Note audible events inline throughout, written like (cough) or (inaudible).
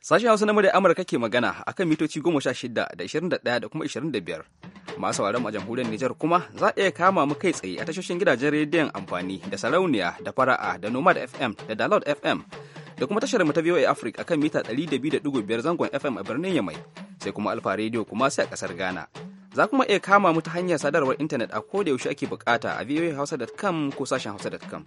Sashen Hausa na murya Amurka ke magana a kan mitoci 16 da 21 da kuma 25. Masu sauraron a jamhuriyar Nijar kuma za a iya kama mu kai tsaye a tashoshin gidajen rediyon amfani da sarauniya da fara'a da nomad FM da download FM da kuma tashar mu ta VOA Africa kan mita biyar zangon FM a birnin Yamai sai kuma Alfa Radio kuma sai a kasar Ghana. Za kuma iya kama mu ta hanyar sadarwar intanet a koda yaushe ake bukata a voahausa.com ko sashen hausa.com.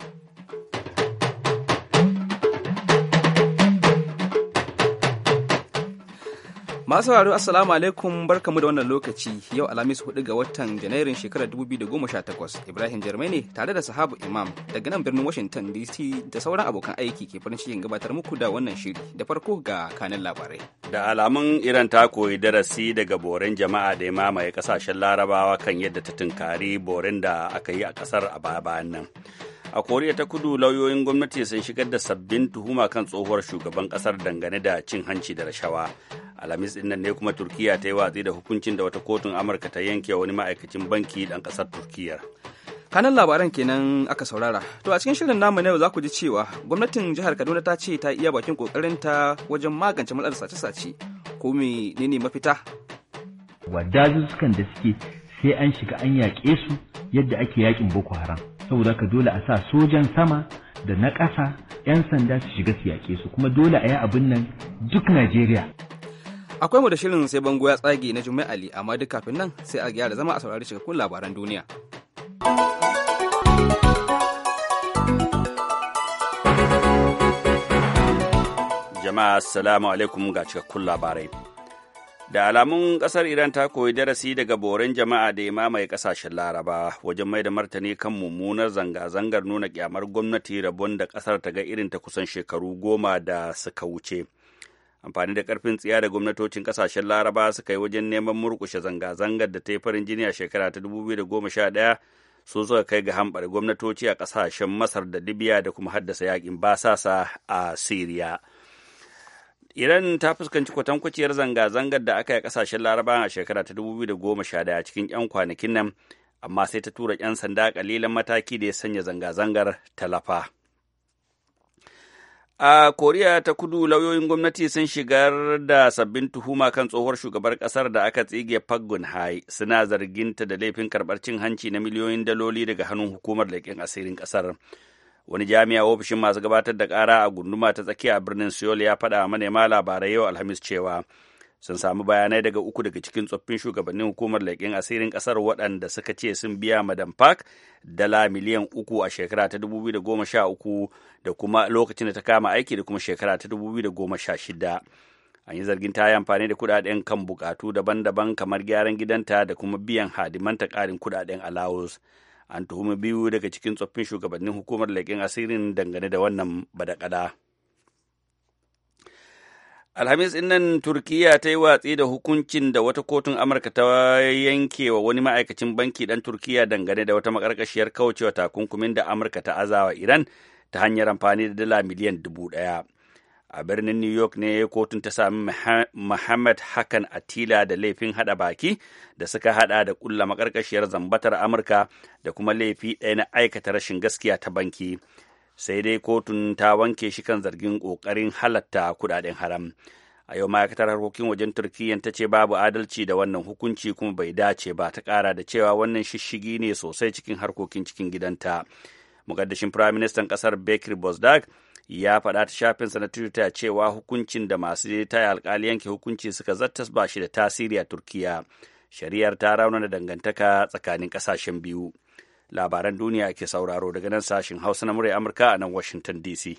Masu sauraro Assalamu alaikum barkamu da wannan lokaci yau Alhamis 4 ga watan Janairun shekarar 2018 Ibrahim Jarmai ne tare da sahabu Imam daga nan birnin Washington DC da sauran abokan aiki ke farin cikin gabatar muku da wannan shiri da farko ga kanin labarai. Da alamun Iran ta koyi darasi daga boren jama'a da ya mamaye kasashen Larabawa kan yadda ta tunkari borin da aka yi a kasar a baya bayan nan. a koriya ta kudu lauyoyin gwamnati sun shigar da sabbin tuhuma kan tsohuwar shugaban kasar dangane da cin hanci da rashawa alhamis din ne kuma turkiya ta yi watsi da hukuncin da wata kotun amurka ta yanke wani ma'aikacin banki dan kasar turkiyya kanan labaran kenan aka saurara to a cikin shirin namu ne za ku ji cewa gwamnatin jihar kaduna ta ce ta iya bakin kokarin ta wajen magance matsalar sace-sace ko ne ne mafita wa sukan da suke sai an shiga an yaƙe su yadda ake yaƙin boko haram saboda ka dole a sa sojan sama da na ƙasa 'yan sanda su shiga su yaƙe su kuma dole a yi abin nan duk najeriya akwai mu da shirin sai bango ya tsage na jummai ali amma duk kafin nan sai a gyara zama a saurari cikakkun labaran duniya jama'a assalamu alaikum ga cikakkun labarai da alamun kasar iran ta koyi darasi daga boren jama'a da ya mamaye kasashen laraba wajen mai da martani kan mummunar zanga-zangar nuna kyamar gwamnati rabon da kasar ta ga irin ta kusan shekaru goma da suka wuce amfani da karfin tsiya da gwamnatocin kasashen laraba suka yi wajen neman murkushe zanga-zangar da ta yi farin jini a shekara ta 2011 su suka kai ga hambar gwamnatoci a kasashen masar da libya da kuma haddasa yakin basasa a syria Iran ta fuskanci kwatankwaciyar zanga-zangar da aka yi kasashen Laraba a shekara ta 2011 cikin 'yan kwanakin nan, amma sai ta tura 'yan sanda kalilan mataki da ya sanya zanga-zangar talafa. A Koriya ta kudu lauyoyin gwamnati sun shigar da sabbin tuhuma kan tsohuwar shugabar kasar da aka tsige Pagun hai suna zarginta da laifin karbar cin hanci na miliyoyin daloli daga hannun hukumar leƙen asirin ƙasar. kasar. wani jami'a ofishin masu gabatar da kara a gunduma ta tsakiya birnin seoul ya faɗa manema labarai yau alhamis cewa sun samu bayanai daga uku daga cikin tsoffin shugabannin hukumar laikin asirin ƙasar waɗanda suka ce sun biya madam park dala miliyan uku a shekara ta 2013 da kuma lokacin da ta kama aiki da kuma shekara ta 2016 an yi zargin ta yi amfani da kuɗaɗen kan bukatu daban-daban kamar gyaran gidanta da kuma biyan hadimanta ƙarin kudaden laos an tuhumi biyu daga cikin tsoffin shugabannin hukumar leƙen asirin dangane da wannan badakada. alhamis in nan turkiya ta yi watsi da hukuncin da wata kotun amurka ta yanke wa wani ma'aikacin banki dan turkiyya dangane da wata makarkashiyar kaucewa takunkumin da amurka ta azawa iran ta hanyar amfani da dala miliyan dubu ɗaya a birnin new york ne kotun ta sami muhammad hakan atila da laifin hada baki da suka hada da kulla makarkashiyar zambatar amurka da kuma laifi ɗaya na aikata rashin gaskiya ta banki sai dai kotun ta wanke shi kan zargin kokarin halatta kudaden haram a yau ma'aikatar harkokin wajen turkiyya ta ce babu adalci da wannan hukunci kuma bai dace ba ta kara da cewa wannan shishigi ne sosai cikin harkokin cikin gidanta mukaddashin firaministan ƙasar bekir bozdag ya faɗa ta shafinsa na twitter cewa hukuncin da masu taya alkali yanke hukunci suka zartas ba shi da tasiri a turkiya shari'ar ta da dangantaka tsakanin ƙasashen biyu labaran duniya ke sauraro daga nan sashen hausa na murya amurka a nan washington dc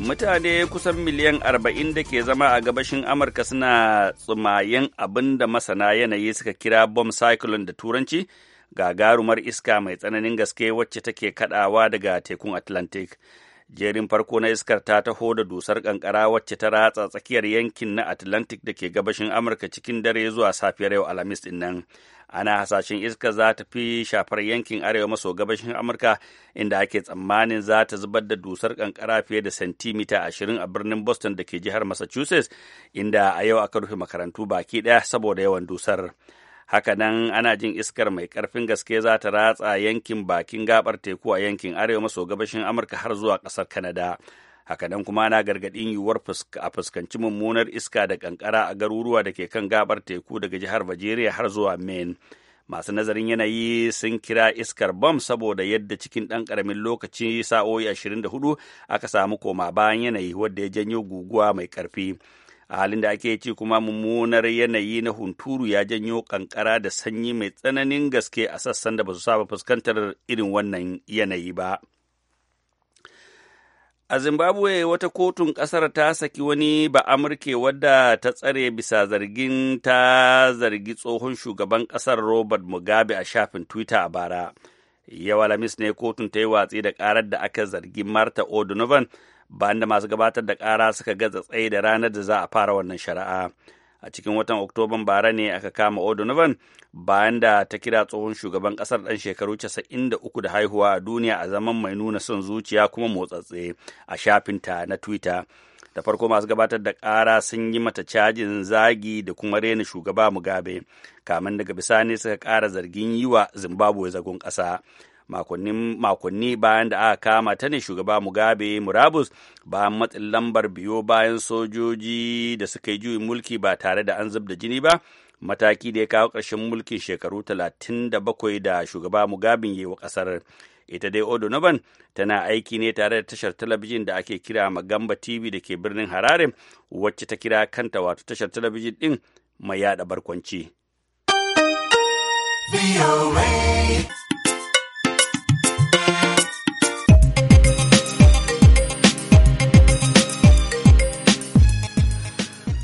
mutane kusan miliyan arba'in da ke zama a gabashin amurka suna tsumayen abin da masana yanayi suka kira bomb cyclone da turanci gagarumar iska mai tsananin gaske wacce take kadawa daga tekun atlantic jerin farko na iskar ta taho da dusar kankara wacce ta ratsa tsakiyar yankin na atlantic da ke gabashin amurka cikin dare zuwa safiyar yau alhamis din nan ana hasashen iskar za ta fi shafar yankin arewa maso gabashin amurka inda ake tsammanin za ta zubar da dusar kankara fiye da sentimita ashirin a birnin boston da ke jihar massachusetts inda a yau aka rufe makarantu baki daya saboda yawan dusar. haka nan ana jin iskar mai karfin gaske za ta ratsa yankin bakin gabar teku a yankin arewa maso gabashin amurka har zuwa kasar kanada nan kuma ana gargadin yiwuwar a fuskanci mummunar iska da kankara a garuruwa da ke kan gabar teku daga jihar Bajeriya har zuwa maine masu nazarin yanayi sun kira iskar bom saboda yadda cikin ɗan karamin lokaci sa'o'i 24 aka samu koma bayan yanayi wadda ya janyo guguwa mai karfi. a halin da ake ci kuma mummunar yanayi na hunturu ya janyo kankara da sanyi mai tsananin gaske a sassan da ba su saba fuskantar irin wannan yanayi ba a zimbabwe wata kotun kasar ta saki wani ba amurke wadda ta tsare bisa zargin ta zargi tsohon shugaban kasar robert mugabe a shafin twitter a bara yawa lamis ne kotun ta yi watsi da karar da aka zargi marta o'donovan bayan da masu gabatar da kara suka gaza tsaye da ranar da za a fara wannan shari'a a cikin watan oktoban bara ne aka kama o'donovan bayan da ta kira tsohon shugaban ƙasar ɗan shekaru 93 da haihuwa a duniya a zaman mai nuna son zuciya kuma motsatse a shafinta na twitter da farko masu gabatar da kara sun yi mata cajin zagi da kuma rena shugaba mugabe kamin daga bisani suka kara zargin yi wa zimbabwe zagon ƙasa makonni bayan da aka kama ta ne shugaba mugabe murabus bayan matsin lambar biyo bayan sojoji da suka yi juyin mulki ba tare da an zub da jini ba mataki da ya kawo ƙarshen mulki shekaru talatin da bakwai da shugaba mugabe yi wa ƙasar ita dai Odo noban tana aiki ne tare da tashar talabijin da ake kira magamba tv da ke birnin harare wacce ta kira kanta wato tashar talabijin din mai yada barkwanci.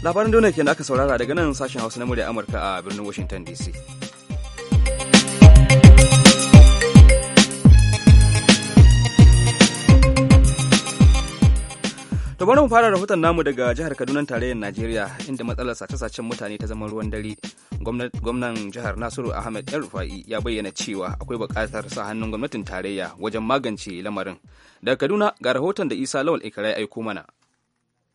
labaran duniya kenan aka saurara daga nan sashen hausa na murya amurka a birnin washington dc To bari mu fara rahoton namu daga jihar Kaduna tarayyar Najeriya inda matsalar sace-sacen mutane ta zama ruwan dare. Gwamnan jihar Nasiru Ahmed yan Rufai ya bayyana cewa akwai bukatar sa hannun gwamnatin tarayya wajen magance lamarin. Daga Kaduna ga rahoton da Isa Lawal Ikra ya aiko mana.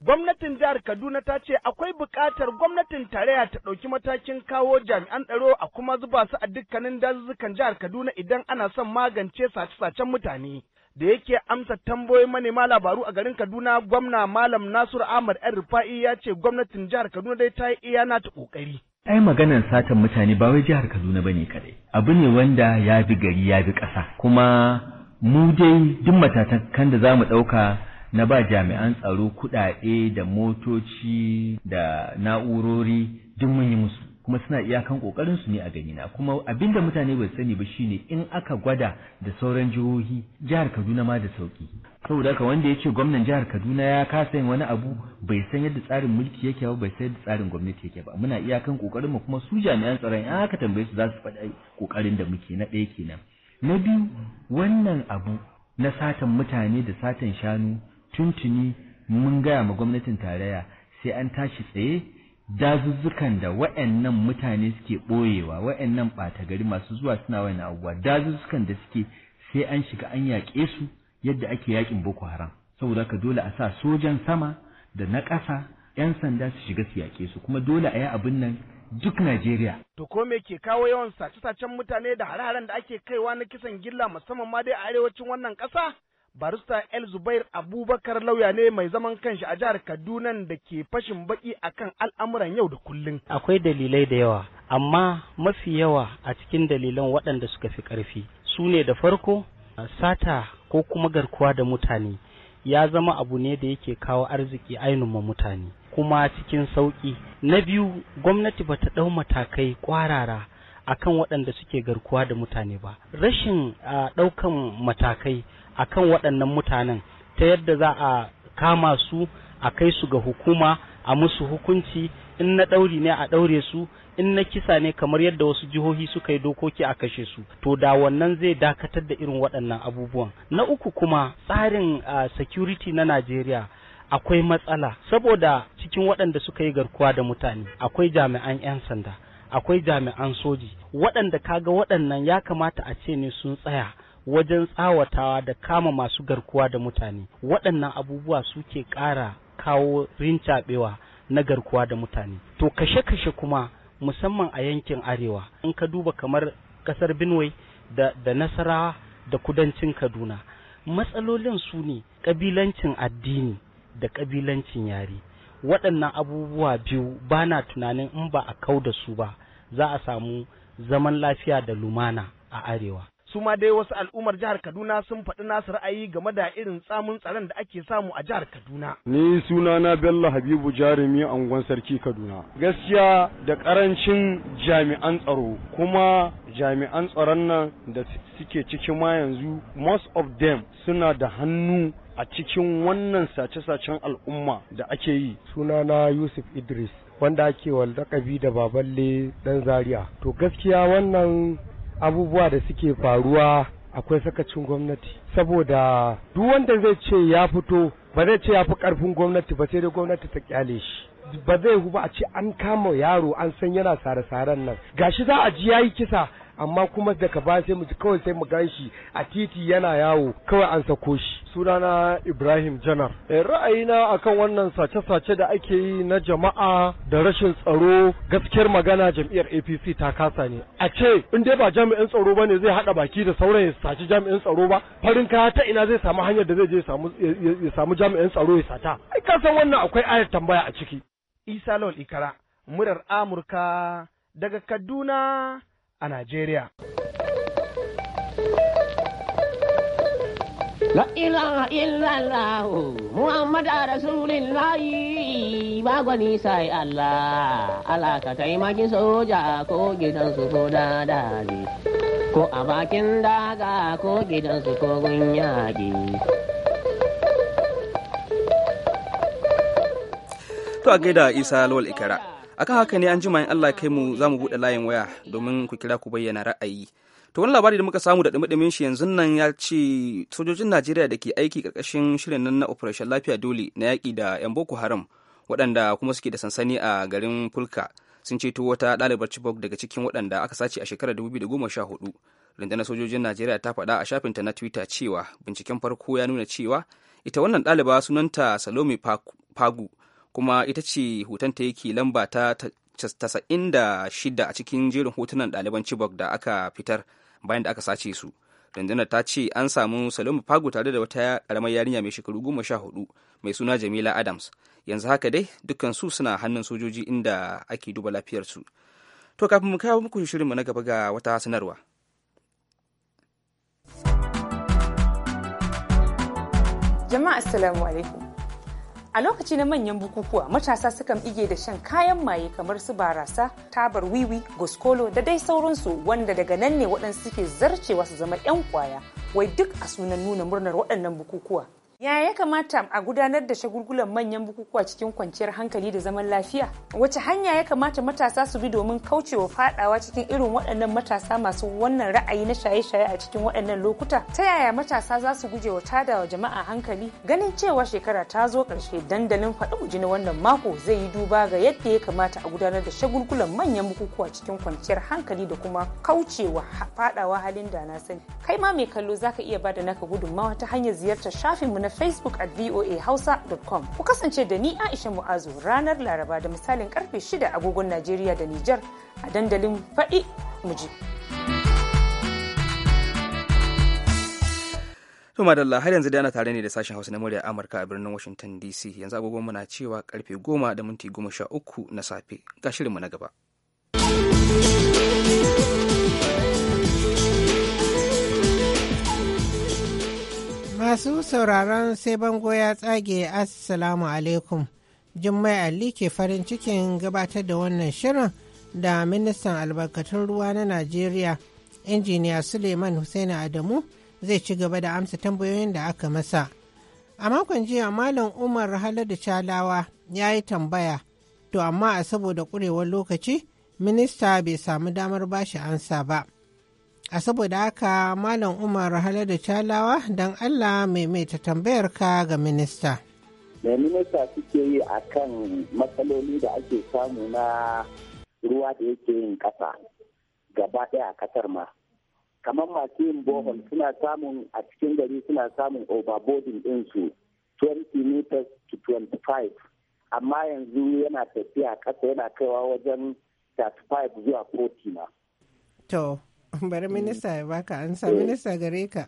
Gwamnatin jihar Kaduna ta ce akwai bukatar gwamnatin tarayya ta ɗauki matakin kawo jami'an ɗaro a kuma zuba su a dukkanin dazuzzukan jihar Kaduna idan ana son magance sace-sacen mutane. Da yake amsa tambayoyin manema labaru a garin Kaduna, gwamna Malam Nasiru Ahmad ɗan Rufa'i ya ce gwamnatin jihar Kaduna dai ta yi iya nata ƙoƙari. ai maganar satan mutane ba wai jihar Kaduna ba ne kadai abu ne wanda ya bi gari ya bi ƙasa kuma mu dai duk kan da mu ɗauka na ba jami'an tsaro kuɗaɗe da motoci da na'urori duk mun yi musu kuma suna iyakan kokarin su ne a gani na kuma abinda mutane ba sani ba shine in aka gwada da sauran jihohi jihar Kaduna ma da sauki saboda haka wanda yake gwamnan jihar Kaduna ya kasa yin wani abu bai san yadda tsarin mulki yake ba bai san yadda tsarin gwamnati yake ba muna iyakan kokarin mu kuma su jami'an tsaron in aka tambaye su za su faɗa kokarin da muke na ɗaya kenan na biyu wannan abu na satan mutane da satan shanu tuntuni mun gaya ma gwamnatin tarayya sai an tashi tsaye dazuzzukan da wa'annan mutane suke ɓoyewa wa'annan ɓata gari masu zuwa suna wani abubuwa dazuzzukan da suke sai an shiga an yaƙe su yadda ake yaƙin boko haram saboda ka dole a sa sojan sama da na ƙasa 'yan sanda su shiga su yaƙe su kuma dole a yi abin nan duk Najeriya. To ko me ke kawo yawan sace-sacen mutane da hare-haren da ake kaiwa na kisan gilla musamman ma dai a arewacin wannan ƙasa? barista El Zubair Abubakar lauya ne mai zaman kanshi a jihar Kaduna da ke fashin baki akan al'amuran yau da kullum. Akwai dalilai da yawa, amma mafi yawa a cikin dalilan waɗanda suka fi ƙarfi su ne da farko sata ko kuma garkuwa da mutane ya zama abu ne da yake kawo arziki ainihin mutane kuma cikin sauƙi. Na biyu gwamnati bata ɗau matakai ƙwarara akan waɗanda suke garkuwa da mutane ba. Rashin ɗaukan matakai A kan waɗannan mutanen ta yadda za a kama su a kai su ga hukuma a musu hukunci in na ɗauri ne a ɗaure su in na kisa ne kamar yadda wasu jihohi suka yi dokoki a kashe su to da wannan zai dakatar da irin waɗannan abubuwan na uku kuma tsarin uh, security na najeriya akwai matsala saboda cikin waɗanda suka yi garkuwa da mutane akwai jami'an 'yan sanda akwai jami'an soji waɗanda kaga waɗannan ya kamata a ce ne sun tsaya wajen tsawatawa da kama masu garkuwa da mutane waɗannan abubuwa suke ƙara kawo rincaɓewa na garkuwa da mutane to kashe-kashe kuma musamman a yankin arewa in ka duba kamar ƙasar benue da, da nasarawa da kudancin kaduna matsalolin su ne ƙabilancin addini da ƙabilancin yare waɗannan abubuwa biyu ba na tunanin in ba a kau da su ba za a samu zaman lafiya da lumana a arewa su ma dai wasu al'ummar jihar Kaduna sun faɗi nasu ra'ayi game da irin tsamun tsaron da ake samu a jihar Kaduna. Ni suna na Bello Habibu Jarumi angon sarki Kaduna. Gaskiya da ƙarancin jami'an tsaro kuma jami'an tsaron nan da suke ciki ma yanzu most of them suna da hannu a cikin wannan sace-sacen al'umma da ake yi. Sunana Yusuf Idris wanda ake walda da baballe dan zaria to gaskiya wannan abubuwa da suke faruwa akwai sakacin gwamnati saboda duk wanda zai ce ya fito ba zai ce ya fi karfin gwamnati ba sai dai gwamnati ta kyale shi ba zai ba a ce an kama yaro an san yana sare-saren nan gashi za a ji yayi kisa amma kuma daga ba sai mu kawai sai mu ganshi a titi yana yawo kawai an sako shi sunana Ibrahim Janar eh, ra'ayina akan wannan sace-sace da ake yi na jama'a da rashin tsaro gaskiyar magana jam'iyyar APC ta kasa ne a ce in dai ba jami'in tsaro ne zai hada baki da sauran ya saci jami'in tsaro ba farin kaya ta ina zai samu hanyar da zai je ya samu jami'in tsaro ya sata ai ka san wannan akwai ayar tambaya a ciki Isa Lawal Ikara murar Amurka daga Kaduna a Najeriya. La ilaha illallah Muhammad Rasulullah ba gwani sai Allah Allah ka taimakin soja ko gidan su ko dadali ko a bakin daga ko gidan su ko gunyaki. To a gaida Isa lol Ikara. akan haka ne an jima in Allah kai mu za mu buɗe layin waya domin ku kira ku bayyana ra'ayi to wani labari da muka samu da dumi shi yanzu nan ya ce sojojin Najeriya da ke aiki ƙarƙashin shirin nan na operation lafiya dole na yaƙi da yan boko haram waɗanda kuma suke da sansani a garin fulka sun ceto wata ɗalibar chibok daga cikin waɗanda aka sace a shekarar 2014 rundunar sojojin najeriya ta faɗa a shafinta na twitter cewa binciken farko ya nuna cewa ita wannan ɗaliba sunanta salome pagu kuma ita ce hoton ta yake lamba ta 96 a cikin jerin hotunan ɗaliban Chibok da aka fitar bayan da aka sace su. Rundunar ta ce an samu Salome Fago tare da wata ƙaramar yarinya mai shekaru goma sha hudu mai suna Jamila Adams. Yanzu haka dai dukkan su suna hannun sojoji inda ake duba lafiyarsu. To kafin mu kawo muku shirinmu na gaba ga wata sanarwa. Jama'a assalamu alaikum. A lokaci na manyan bukukuwa matasa sukan ige da shan kayan maye kamar su barasa, tabar wiwi, goskolo da dai sauransu wanda daga nan ne waɗansu suke zarcewa su zama 'yan kwaya wai duk a sunan nuna murnar waɗannan bukukuwa. ya ya kamata a gudanar da shagulgulan manyan bukukuwa cikin kwanciyar hankali da zaman lafiya wace hanya ya kamata matasa su bi domin kaucewa fadawa cikin irin waɗannan matasa masu wannan ra'ayi na shaye-shaye a cikin waɗannan lokuta ta yaya matasa za su guje wa tada wa jama'a hankali ganin cewa shekara ta zo ƙarshe dandalin faɗi na wannan mako zai yi duba ga yadda ya kamata a gudanar da shagulgulan manyan bukukuwa cikin kwanciyar hankali da kuma kaucewa fadawa halin da na sani kai ma mai kallo zaka iya bada naka gudunmawa ta hanyar ziyartar shafinmu na facebook at voahausa.com. Ku kasance da ni Aisha Mu'azu ranar Laraba da misalin karfe 6 agogon Najeriya da Nijar a dandalin faɗi muji. To madalla har yanzu dai ana tare ne da sashen Hausa na murya Amurka a birnin Washington DC. Yanzu agogon mu na cewa karfe 10 da minti 13 na safe. Ga shirinmu na gaba. Masu sauraron sai bango ya tsage Assalamu alaikum. Jummai Ali ke farin cikin gabatar da wannan shirin da ministan albarkatun ruwa na Najeriya, injiniya Suleiman Hussaini Adamu zai ci gaba da amsa tambayoyin da aka masa. A makon jiya Malam Umar Haladu Chalawa ya yi tambaya, to amma a saboda ƙurewar lokaci, minista bai samu damar bashi ansa ba. a saboda haka malam umar halada da talawa don allah maimaita tambayar ka ga minista da minista suke yi a kan matsaloli da ake samu na ruwa da yake yin ƙasa gaba ɗaya a ƙasar ma kamar masu yin bohol suna samun a cikin gari suna samun overboarding ɗinsu 20 meters to 25 amma yanzu yana tafiya ƙasa yana kaiwa wajen 35 zuwa 40 ma. (laughs) bari eh. minista ya baka an sa eh. minista gare ka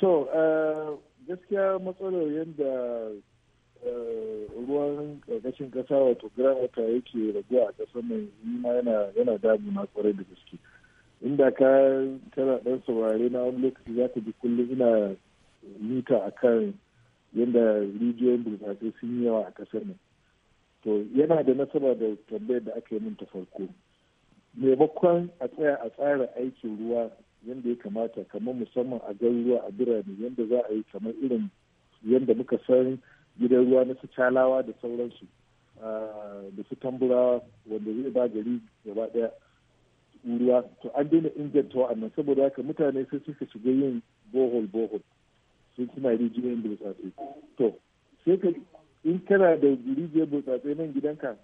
to eh, gaskiya matsalar yadda ruwan ƙarƙashin ƙasa wato gran wata yake raguwa a ƙasar mai ma yana damuna kwarai da gaske inda ka tana ɗan saurare na wani lokaci za ka ji kullum ina mita a kan yadda rijiyoyin burtsatse sun yi yawa a ƙasar nan to yana da nasaba da tambayar da aka yi min ta farko maimakon a tsaya a tsara aikin ruwa yadda ya kamata kamar musamman a garuruwa a birane yadda za a yi kamar irin yadda muka san gidan ruwa na su calawa da sauransu da su tamburawa wanda zai ba gari gaba daya ruwa to an daina inganta wa'annan saboda haka mutane sai suka shiga yin bohol bohol sun suna rijiyoyin burtsatse to sai ka in kana da rijiyar burtsatse nan gidanka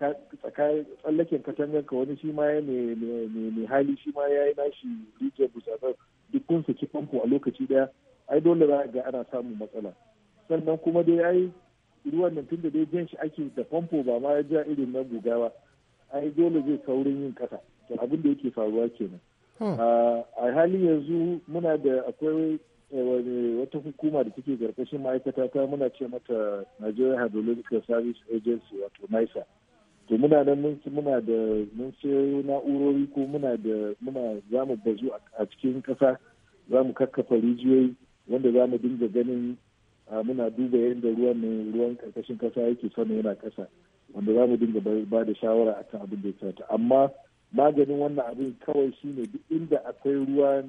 tsallaken katangar ka wani shi ma ya ne hali shi ma ya yi nashi rijiyar busatsar duk kun saki famfo a lokaci daya ai dole za ga ana samun matsala sannan kuma dai ai ruwan nan tunda dai jan shi ake da famfo ba ma ya ja irin na guga ba ai dole zai saurin yin kasa to abin da yake faruwa kenan hmm. a hali yanzu muna da akwai eh, wata hukuma da take karkashin ma'aikata ta muna ce mata Nigeria Hydrological Service Agency wato NISA to muna nan mun muna da mun sayo na'urori ko muna da muna za mu bazu a cikin kasa za mu kakkafa rijiyoyi wanda za mu dinga ganin muna duba yadda ruwan ne ruwan ƙarƙashin ƙasa yake sama yana kasa wanda za mu dinga ba da shawara a kan abin da ya ta amma maganin wannan abin kawai shine duk inda akwai ruwa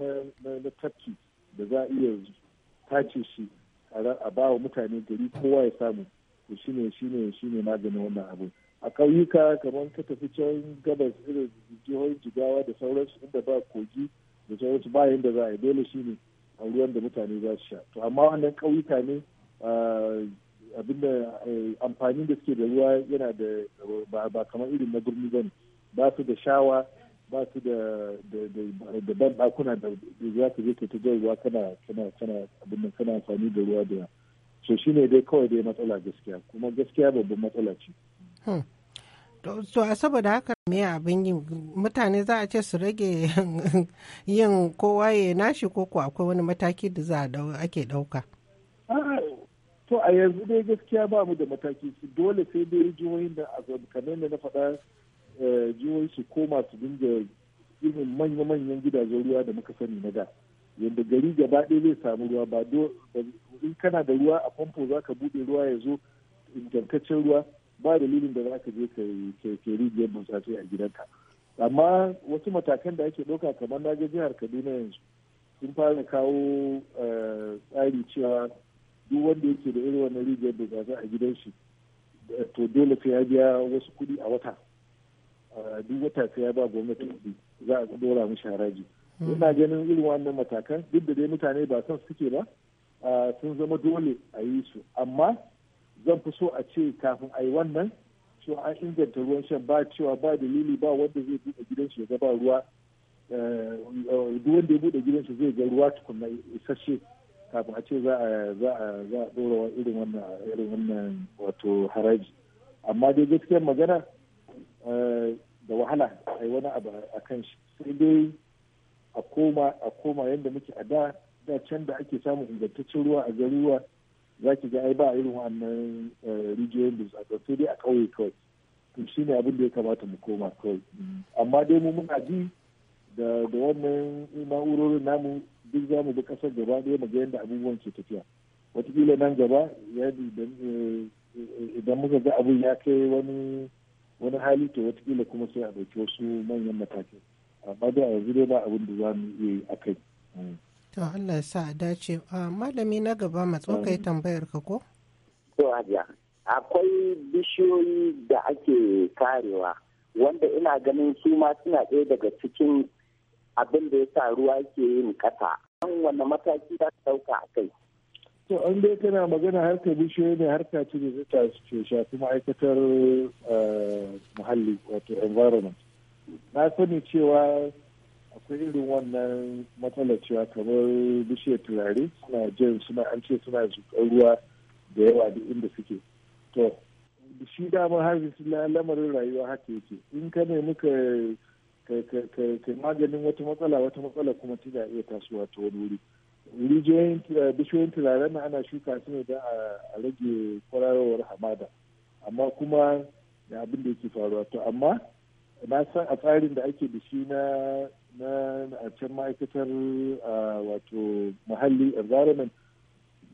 na tafki da za a iya tace shi a ba wa mutane gari kowa ya samu to shine shine shine maganin wannan abin a ƙauyuka kamar ka tafi can gabas irin jihohin jigawa da sauransu inda ba kogi da sauransu ba da za a yi dole shi ne a ruwan da mutane za su sha to amma wannan ƙauyuka ne abinda eh, amfanin da suke da ruwa yana da ba kamar irin na birni ba ba su da shawa ba su da da ban ɗakuna da za ka je ka ta jan ruwa kana kana kana abinda kana amfani da ruwa da so shine dai kawai dai matsala gaskiya kuma gaskiya babban matsala ce. Hmm. to a saboda haka me abin yi mutane za a ce su rage (laughs) yin kowa ya nashi ko ko akwai wani mataki da za a ake dauka to a yanzu dai gaskiya ba mu da mataki dole sai dai jihohin da kamar da na faɗa eh, jihohi su koma su dinga irin manya-manyan gidajen ruwa da muka sani na da yadda gari gaba ɗaya zai samu ruwa ba in kana da ruwa a famfo za ka buɗe ruwa ya zo ingantaccen ruwa ba dalilin da za ka je ka rijiyar burtsatsai a gidanka amma wasu matakan da ake ɗauka kamar na jihar kaduna yanzu sun fara kawo eh, tsari cewa duk wanda yake da irin wannan rijiyar burtsatsai a gidan shi eh, to dole sai ya biya wasu kuɗi a wata eh, duk wata sai ya ba gwamnati kuɗi za a ɗora mishi haraji hmm. ina ganin irin wannan matakan duk da dai mutane ba son suke ba sun zama dole a yi su amma zan fi so a ce kafin a yi wannan cewa an inganta ruwan shan ba cewa ba dalili ba wanda zai buɗe gidan shi ga ba ruwa eh, duk wanda ya buɗe gidan shi zai ga ruwa tukunna isasshe kafin a ce za a za a za a dora irin wannan irin wannan wato haraji amma dai gaskiyar magana eh, da wahala a yi wani abu a kan shi sai dai a koma a koma yadda muke a da da can da ake samun ingantaccen ruwa a garuruwa za ki ga ai ba irin wannan eh, rijiyoyin da sai dai a ƙauye kawai to shi ne abin da ya kamata mu koma kawai amma dai mu muna ji da wannan na'urorin namu duk za mu bi ƙasar gaba ɗaya mu ga yadda abubuwan ke tafiya watakila nan gaba eh, idan muka ga abin ya kai wani wani hali to watakila kuma sai a ɗauki wasu manyan matakai amma dai a yanzu dai ba abin da za mu iya yi a kai. Hmm. To Allah ya sa a dace. Malami na gaba matso kai mm. tambayar ka ko? To Hajiya, akwai bishiyoyi da ake karewa wanda ina ganin su ma suna ɗaya daga cikin abin da ya sa ruwa ke yin ƙasa. An wanne mataki za su ɗauka a kai? To an dai kana magana harkar bishiyoyi ne harka ce da ta shafi ma'aikatar eh, muhalli wato environment. Na sani cewa akwai irin wannan matsalar cewa kamar bishiyar turare suna jin suna an ce suna zuƙar ruwa da yawa da inda suke to shi dama har lamarin rayuwa haka yake in ka nemi ka kai maganin wata matsala wata matsala kuma tana iya tasowa ta wani wuri rijiyoyin bishiyoyin na ana shuka su ne don a rage kwararowar hamada amma kuma da abin da yake faruwa to amma na san a tsarin da ake da shi na na a can ma'aikatar wato muhalli environment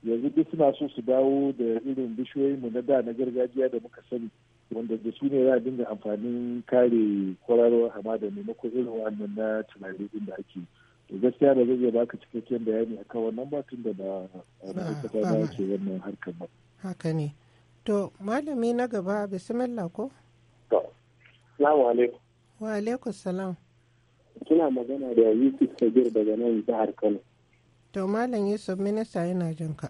yanzu duk suna so su dawo da irin bishiyoyinmu na da na gargajiya da muka sani wanda da su ne za a dinga amfanin kare kwararowar hamada maimakon irin wannan na tunani inda ake to gaskiya ba zai baka cikakken bayani akan wannan ba tun da ba ma'aikata ba ke wannan harkar ba haka ne to malami na gaba bismillah ko to salamu alaikum wa alaikum salam Kina magana da Yusuf Kabir daga nan jihar Kano. To Malam Yusuf minista yana jin ka.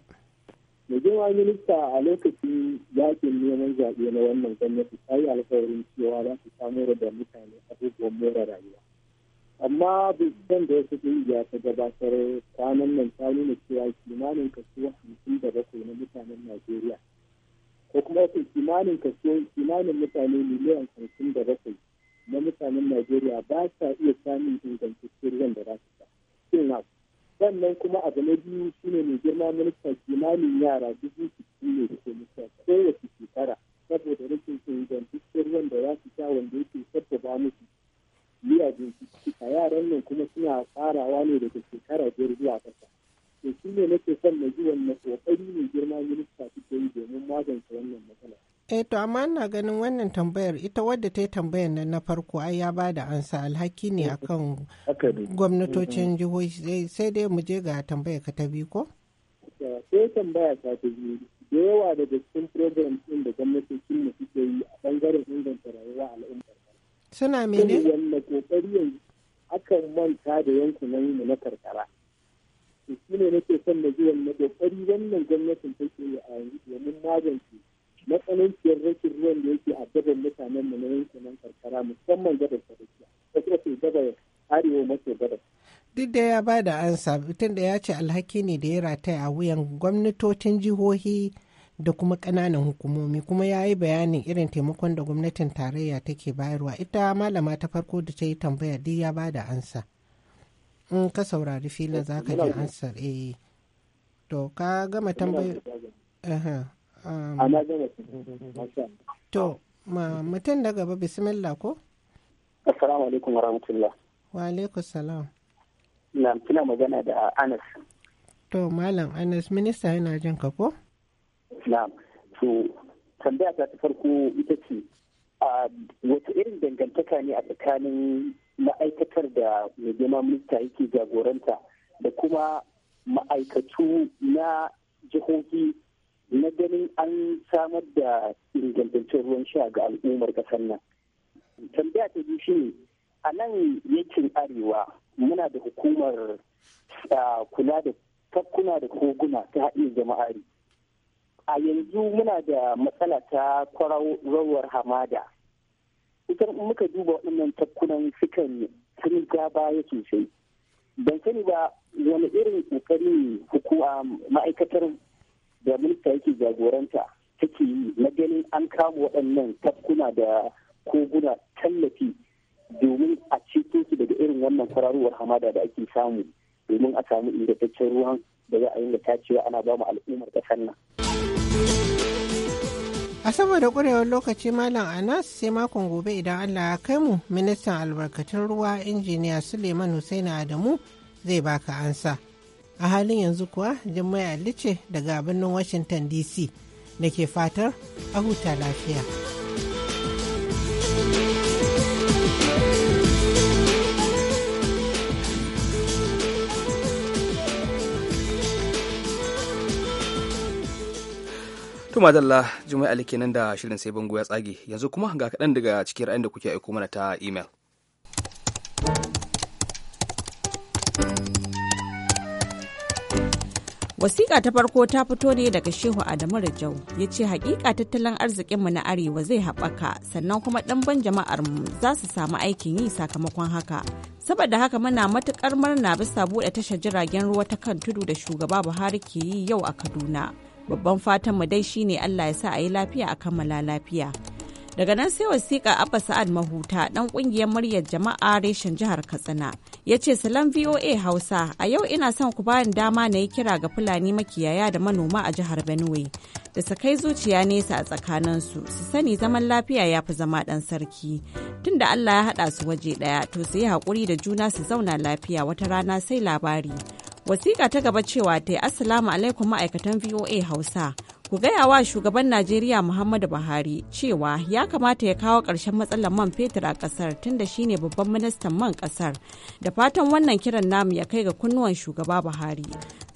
Da wani minista a lokacin yakin neman zaɓe na wannan gwamnati ta yi alkawarin cewa za su samar da mutane abubuwan more rayuwa. Amma binciken da wasu ƙungiya ta gabatar kwanan nan ta nuna cewa kimanin kaso hamsin da bakwai na mutanen Najeriya ko kuma wasu kimanin kaso kimanin mutane miliyan hamsin da bakwai na mutanen Najeriya ba sa iya samun ingantaccen ruwan da za su sha. Sannan kuma abu na biyu ne mai girma minista kimanin yara dubu sittin ne da ke mutuwa kowace shekara saboda rikin ingantaccen ruwan da za su sha wanda yake sabbaba musu miyagun cika yaran nan kuma suna farawa ne daga shekara biyar zuwa ƙasa. To shi ne nake son na ji wannan ƙoƙari mai girma minista suke yi domin magance wannan matsalar. Eh to amma ina ganin wannan tambayar ita wadda ta yi tambayar nan na farko ai ya bada ansa alhaki ne akan gwamnatocin mm-hmm. jihohi eh, sai dai mu je ga tambayar ka ta bi ko? Sai tambaya ta ta biyu da yawa daga cikin program ɗin da gwamnatocin mu suke yi a bangaren inganta rayuwa al'umma. Suna mene? Wannan kokari yanzu akan manta da yankunan mu na karkara. Shi ne nake son da zuwan na kokari wannan gwamnatin take yi a yanzu domin magance matsananciyar rashin ruwan da yake a gaban mutanen mu na yankunan karkara musamman gabar tsakiya wasu su gabar arewa maso gaba. duk da ya bada ansa tun da ya ce alhaki ne da ya rataya a wuyan gwamnatocin jihohi da kuma kananan hukumomi kuma ya yi bayanin irin taimakon da gwamnatin tarayya take bayarwa ita malama ta farko da ta yi tambaya duk ya bada ansa in ka saurari filin za ka ji ansar eh to ka gama tambayar Um, Ana gama To, mutum da gaba bismillah ko? Assalamu alaikum wa rahmatullah. Wa alaikum salam. Na kina magana da Anas. To, Malam Anas, minista yana jin ka ko? Na, to, tambaya ta ta farko ita ce, wata irin dangantaka ne a tsakanin ma'aikatar da mai minista yake jagoranta da kuma ma'aikatu na jihohi na ganin an samar da ingantaccen ruwan sha ga al'ummar ƙasar nan tambaya ta biyu shi a nan yankin arewa muna da hukumar kula da tafkuna da koguna ta haɗin jama'a a yanzu muna da matsala ta kwararowar hamada idan muka duba waɗannan tafkunan sukan sun ga baya sosai ban sani ba wani irin ƙoƙari hukuma ma'aikatar da minista yake jagoranta take yi na ganin an kama waɗannan tafkuna da koguna tallafi domin a ceto su daga irin wannan fararuwar hamada da ake samu domin a samu ingantaccen ruwan da za a yi tacewa ana ba mu al'ummar ƙasar nan. A saboda ƙurewar lokaci Malam Anas sai makon gobe idan Allah ya kai mu ministan albarkatun ruwa injiniya Suleiman Hussein Adamu zai baka ansa. a halin yanzu kuwa Jummai Ali ce daga birnin Washington DC da ke fatar a huta lafiya. Tuma dalla Jummai Ali nan da shirin sai bango ya tsage yanzu kuma ga kaɗan daga cikin ra'ayin da kuke aiko mana ta imel. Wasiƙa ta farko ta fito ne daga Shehu Adamu Rajau ya ce hakika tattalin arzikinmu na Arewa zai haɓaka sannan kuma ɗanban mu za su samu aikin yi sakamakon haka. Saboda haka muna matuƙar murna bisa buɗe tashar jiragen ruwa ta kan tudu da shugaba Buhari ke yi yau a Kaduna. Babban fatanmu dai shine Allah ya sa a yi lafiya a kammala lafiya. daga nan sai wasiƙa abba sa'ad mahuta ɗan ƙungiyar muryar jama'a reshen jihar katsina ya ce salon voa hausa a yau ina son ku bayan dama na yi kira ga fulani makiyaya da manoma a jihar benue da su kai zuciya nesa a tsakaninsu su sani zaman lafiya ya fi zama ɗan sarki Tunda allah ya haɗa su waje ɗaya to su yi haƙuri da juna su zauna lafiya wata rana sai labari wasiƙa ta gaba cewa ta yi assalamu alaikum ma'aikatan voa hausa ku gaya wa shugaban Najeriya Muhammadu Buhari cewa ya kamata ya kawo ƙarshen matsalar man fetur a ƙasar tunda ne babban ministan man ƙasar. Da fatan wannan kiran namu ya kai ga kunnuwan shugaba Buhari.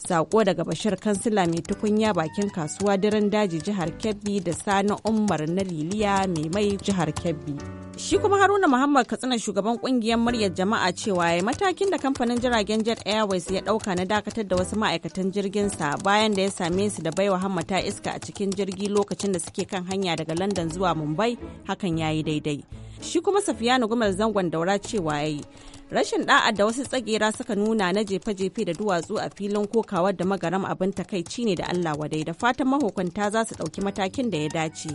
Sako daga Bashir Kansila mai tukunya bakin kasuwa daren daji jihar Kebbi da Sani Umar na Liliya mai mai jihar Kebbi. Shi kuma Haruna Muhammad Katsina shugaban kungiyar muryar jama'a cewa ya matakin da kamfanin jiragen Jet Airways ya dauka na dakatar da wasu ma'aikatan jirgin sa bayan da ya same su da baiwa ta iska a cikin jirgi lokacin da suke kan hanya daga London zuwa Mumbai hakan ya yi daidai. Shi kuma Safiyanu gumar zangon daura cewa ya yi. rashin da'a da wasu tsagera suka nuna na jefe-jefe da duwatsu a filin kokawa da magaram abin takaici ne da Allah wadai da fatan mahukunta za su ɗauki matakin da ya dace.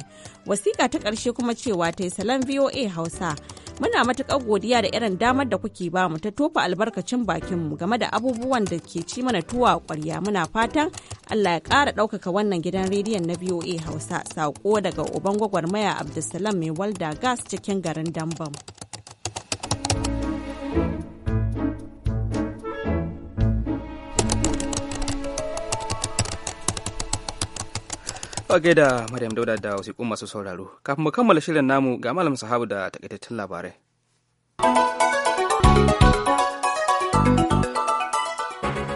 Wasiƙa ta ƙarshe kuma cewa ta yi salon VOA Hausa. Muna matuƙar godiya da irin damar da kuke ba mu ta tofa albarkacin bakinmu game da abubuwan da ke ci mana tuwa a ƙwarya muna fatan Allah ya ƙara ɗaukaka wannan gidan rediyon na VOA Hausa saƙo daga uban gwagwarmaya Abdulsalam mai walda gas cikin garin Dambam. a gaida Maryam Dauda da wasiƙun masu sauraro. Kafin mu kammala shirin namu ga Malam Sahabu da takaitattun labarai.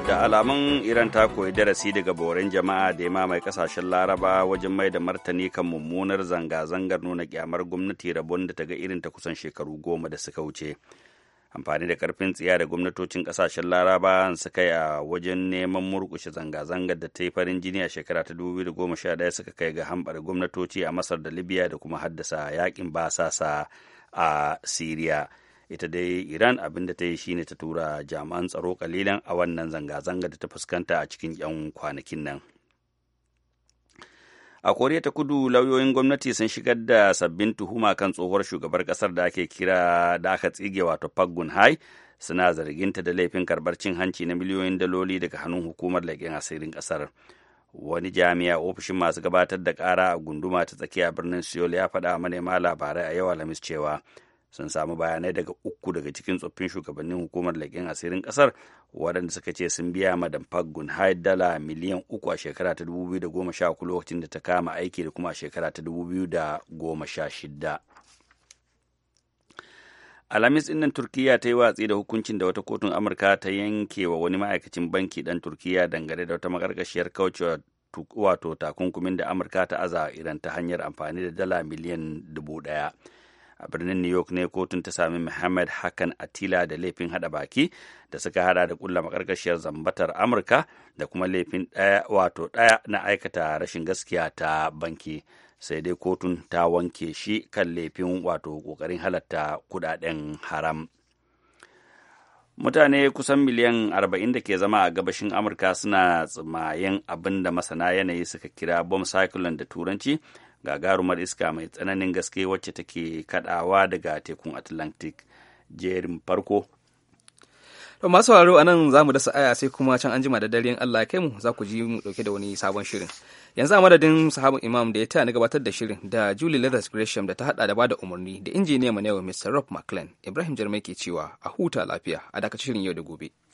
Da alamun Iran ta koyi darasi daga borin jama'a da ya mamaye kasashen Laraba wajen mai da martani kan mummunar zanga-zangar nuna kyamar gwamnati rabon da ta ga irin ta kusan shekaru goma da suka wuce. amfani da karfin tsiya da gwamnatocin kasashen laraba su kai a wajen neman murkushe zanga-zangar da ta yi farin jini a shekara ta 2011 suka kai ga hambar gwamnatoci a masar da libya da kuma haddasa yakin basasa a syria ita dai iran abin da ta yi shine ta tura jami'an tsaro kalilan a wannan zanga-zanga da ta fuskanta a cikin 'yan kwanakin nan. a koriya ta kudu lauyoyin gwamnati sun shigar da sabbin tuhuma kan tsohuwar shugabar kasar da ake kira da aka tsige wato park hai suna zarginta da laifin karbar cin hanci na miliyoyin daloli daga hannun hukumar laifin asirin kasar wani jami'a ofishin masu gabatar da ƙara a gunduma ta tsakiya birnin seoul ya faɗa manema labarai a yau alhamis cewa sun samu bayanai daga uku daga cikin tsoffin shugabannin hukumar leƙen asirin ƙasar waɗanda suka ce sun biya madam park gun dala miliyan uku a shekara ta 2010 lokacin da ta kama aiki da kuma a shekara ta 2016 alhamis din nan turkiya ta yi watsi da hukuncin da wata kotun amurka ta yanke wa wani ma'aikacin banki dan turkiya dangane da wata makarkashiyar kaucewa wato takunkumin da amurka ta aza iran ta hanyar amfani da dala miliyan dubu ɗaya. a birnin new york ne kotun ta sami muhammad hakan atila da laifin hada baki da suka hada da kulla makarkashiyar zambatar amurka da kuma laifin daya wato daya na aikata rashin gaskiya ta banki sai dai kotun ta wanke shi kan laifin wato kokarin halatta kudaden haram mutane kusan miliyan 40 da ke zama a gabashin amurka suna tsimayen abin da masana yanayi suka kira bomb cyclone da turanci gagarumar iska mai tsananin gaske wacce take kadawa daga tekun atlantic jerin farko to masu sauraro a nan za mu dasa aya sai kuma can an jima da daren allah ya kai mu za ku ji mu dauke da wani sabon shirin yanzu a madadin sahabin imam da ya taya na gabatar da shirin da julie leathers gresham da ta hada da bada umarni da injiniya mu na yau mr rob mclean ibrahim jarmai ke cewa a huta lafiya a dakacin shirin yau da gobe